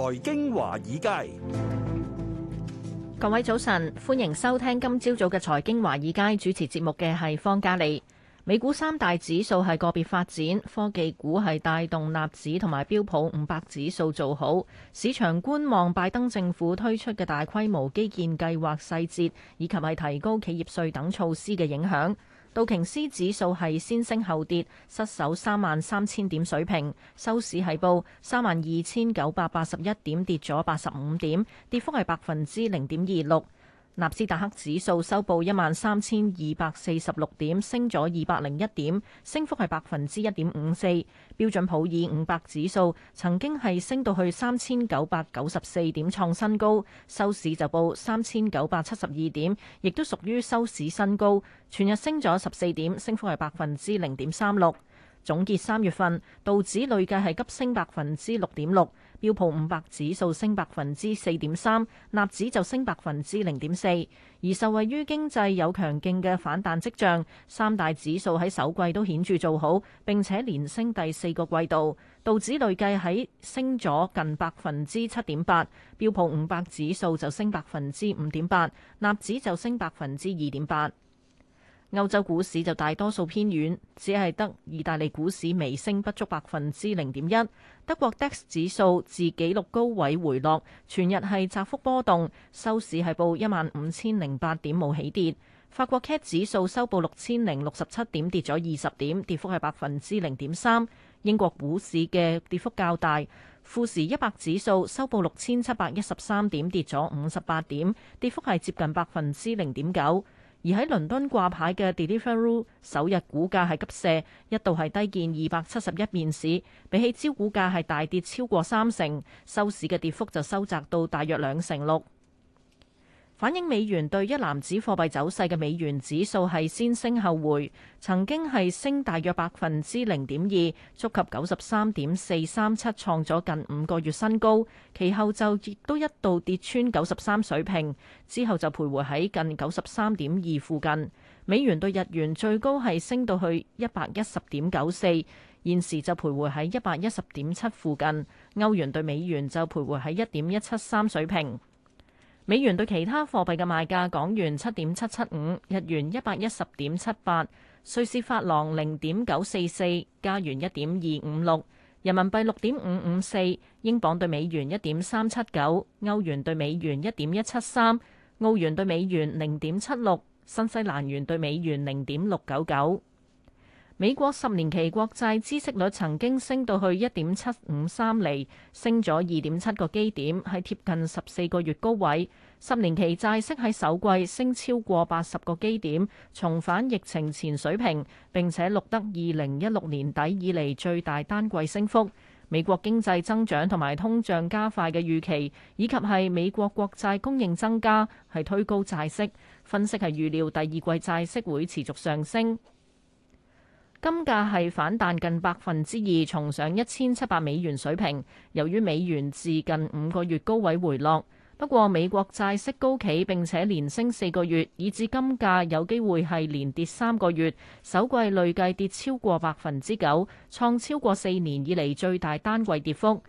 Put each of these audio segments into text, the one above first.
財經華爾街，各位早晨，歡迎收聽今朝早嘅財經華爾街主持節目嘅係方嘉利。美股三大指數係個別發展，科技股係帶動納指同埋標普五百指數做好。市場觀望拜登政府推出嘅大規模基建計劃細節，以及係提高企業稅等措施嘅影響。道瓊斯指數係先升後跌，失守三萬三千點水平，收市係報三萬二千九百八十一點，跌咗八十五點，跌幅係百分之零點二六。納斯達克指數收報一萬三千二百四十六點，升咗二百零一點，升幅係百分之一點五四。標準普爾五百指數曾經係升到去三千九百九十四點，創新高，收市就報三千九百七十二點，亦都屬於收市新高，全日升咗十四點，升幅係百分之零點三六。總結三月份，道指累計係急升百分之六點六，標普五百指數升百分之四點三，納指就升百分之零點四。而受惠於經濟有強勁嘅反彈跡象，三大指數喺首季都顯著做好，並且連升第四個季度。道指累計係升咗近百分之七點八，標普五百指數就升百分之五點八，納指就升百分之二點八。歐洲股市就大多數偏軟，只係得意大利股市微升不足百分之零點一。德國 DAX 指數自紀錄高位回落，全日係窄幅波動，收市係報一萬五千零八點冇起跌。法國 CAC 指數收報六千零六十七點，跌咗二十點，跌幅係百分之零點三。英國股市嘅跌幅較大，富時一百指數收報六千七百一十三點，跌咗五十八點，跌幅係接近百分之零點九。而喺倫敦掛牌嘅 Deliveroo 首日股價係急瀉，一度係低見二百七十一便士，比起招股價係大跌超過三成，收市嘅跌幅就收窄到大約兩成六。反映美元對一籃子貨幣走勢嘅美元指數係先升後回，曾經係升大約百分之零點二，觸及九十三點四三七，創咗近五個月新高。其後就亦都一度跌穿九十三水平，之後就徘徊喺近九十三點二附近。美元對日元最高係升到去一百一十點九四，現時就徘徊喺一百一十點七附近。歐元對美元就徘徊喺一點一七三水平。美元對其他貨幣嘅賣價：港元七點七七五，日元一百一十點七八，瑞士法郎零點九四四，加元一點二五六，人民幣六點五五四，英鎊對美元一點三七九，歐元對美元一點一七三，澳元對美元零點七六，新西蘭元對美元零點六九九。美國十年期國債孳息率曾經升到去一點七五三厘，升咗二點七個基點，係貼近十四個月高位。十年期債息喺首季升超過八十個基點，重返疫情前水平，並且錄得二零一六年底以嚟最大單季升幅。美國經濟增長同埋通脹加快嘅預期，以及係美國國債供應增加，係推高債息。分析係預料第二季債息會持續上升。金價係反彈近百分之二，重上一千七百美元水平。由於美元自近五個月高位回落，不過美國債息高企並且連升四個月，以致金價有機會係連跌三個月，首季累計跌超過百分之九，創超過四年以嚟最大單季跌幅。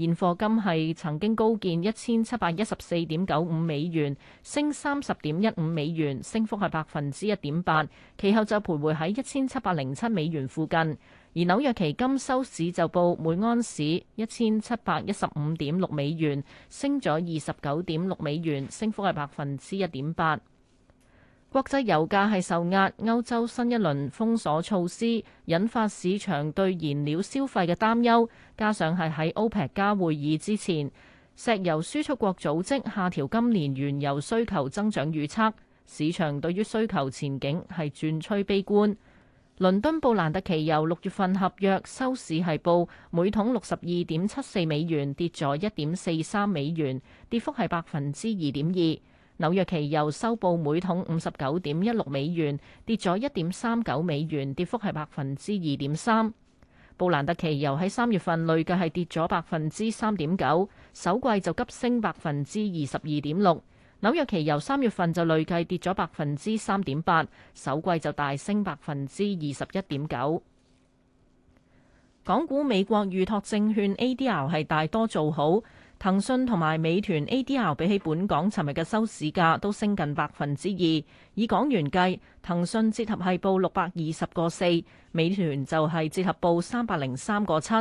現貨金係曾經高見一千七百一十四點九五美元，升三十點一五美元，升幅係百分之一點八。其後就徘徊喺一千七百零七美元附近。而紐約期金收市就報每安士一千七百一十五點六美元，升咗二十九點六美元，升幅係百分之一點八。國際油價係受壓，歐洲新一輪封鎖措施引發市場對燃料消費嘅擔憂，加上係喺 OPEC 加會議之前，石油輸出國組織下調今年原油需求增長預測，市場對於需求前景係轉趨悲觀。倫敦布蘭特期油六月份合約收市係報每桶六十二點七四美元，跌咗一點四三美元，跌幅係百分之二點二。紐約期油收報每桶五十九點一六美元，跌咗一點三九美元，跌幅係百分之二點三。布蘭特期油喺三月份累計係跌咗百分之三點九，首季就急升百分之二十二點六。紐約期油三月份就累計跌咗百分之三點八，首季就大升百分之二十一點九。港股美國預託證券 ADR 係大多做好。騰訊同埋美團 ADR 比起本港尋日嘅收市價都升近百分之二，以港元計，騰訊折合係報六百二十個四，美團就係折合報三百零三個七。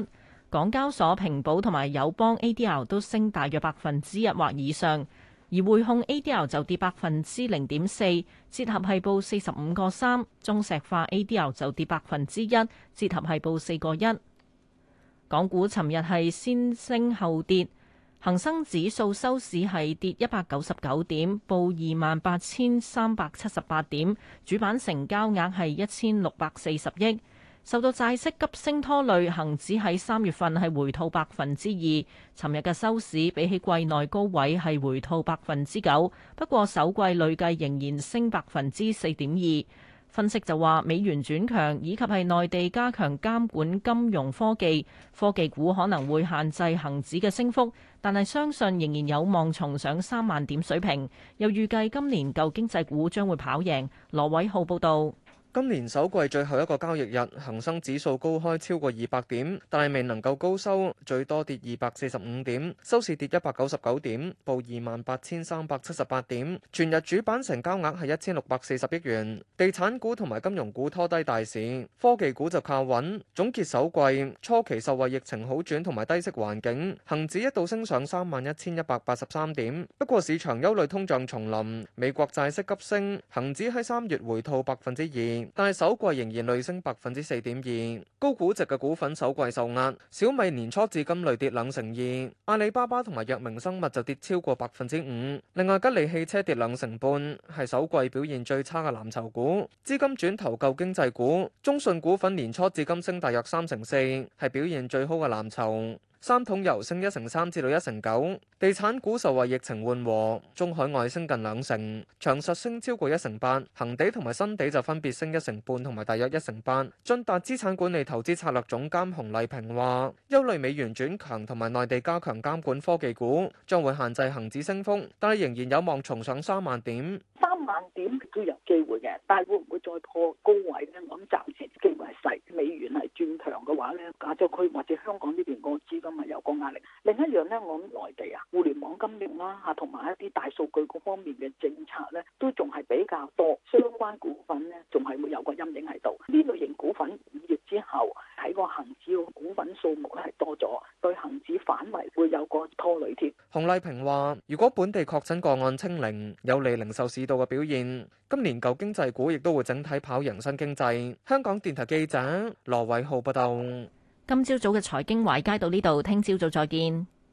港交所平保同埋友邦 ADR 都升大約百分之一或以上，而匯控 ADR 就跌百分之零點四，折合係報四十五個三。中石化 ADR 就跌百分之一，折合係報四個一。港股尋日係先升後跌。恒生指數收市係跌一百九十九點，報二萬八千三百七十八點，主板成交額係一千六百四十億。受到債息急升拖累，恒指喺三月份係回吐百分之二，尋日嘅收市比起季內高位係回吐百分之九，不過首季累計仍然升百分之四點二。分析就話美元轉強，以及係內地加強監管金融科技，科技股可能會限制恒指嘅升幅，但係相信仍然有望重上三萬點水平。又預計今年舊經濟股將會跑贏。羅偉浩報導。今年首季最後一個交易日，恒生指數高開超過二百點，但係未能夠高收，最多跌二百四十五點，收市跌一百九十九點，報二萬八千三百七十八點。全日主板成交額係一千六百四十億元。地產股同埋金融股拖低大市，科技股就靠穩。總結首季，初期受惠疫情好轉同埋低息環境，恒指一度升上三萬一千一百八十三點。不過市場憂慮通脹重臨，美國債息急升，恒指喺三月回吐百分之二。但係首季仍然累升百分之四點二，高估值嘅股份首季受壓，小米年初至今累跌兩成二，阿里巴巴同埋藥明生物就跌超過百分之五，另外吉利汽車跌兩成半，係首季表現最差嘅藍籌股，資金轉投舊經濟股，中信股份年初至今升大約三成四，係表現最好嘅藍籌。三桶油升一成三至到一成九，地產股受惠疫情緩和，中海外升近兩成，長實升超過一成八，恒地同埋新地就分別升一成半同埋大約一成八。晉達資產管理投資策略總監洪麗平話：憂慮美元轉強同埋內地加強監管科技股將會限制恒指升幅，但係仍然有望重上三萬點。萬點都有機會嘅，但係會唔會再破高位咧？我諗暫時機會係細，美元係轉強嘅話咧，亞洲區或者香港呢邊個資金係有個壓力。另一樣咧，我諗內地啊，互聯網金融啦嚇，同埋一啲大數據嗰方面嘅政策咧，都仲係比較多相關股份咧，仲係會有個陰影喺度。呢類型股份五月之後喺個恆指嘅股份數目咧係多咗，對恆指反圍會有。拖累。洪麗萍話，如果本地確診個案清零，有利零售市道嘅表現。今年舊經濟股亦都會整體跑贏新經濟。香港電台記者羅偉浩報道。今朝早嘅財經華爾街到呢度，聽朝早再見。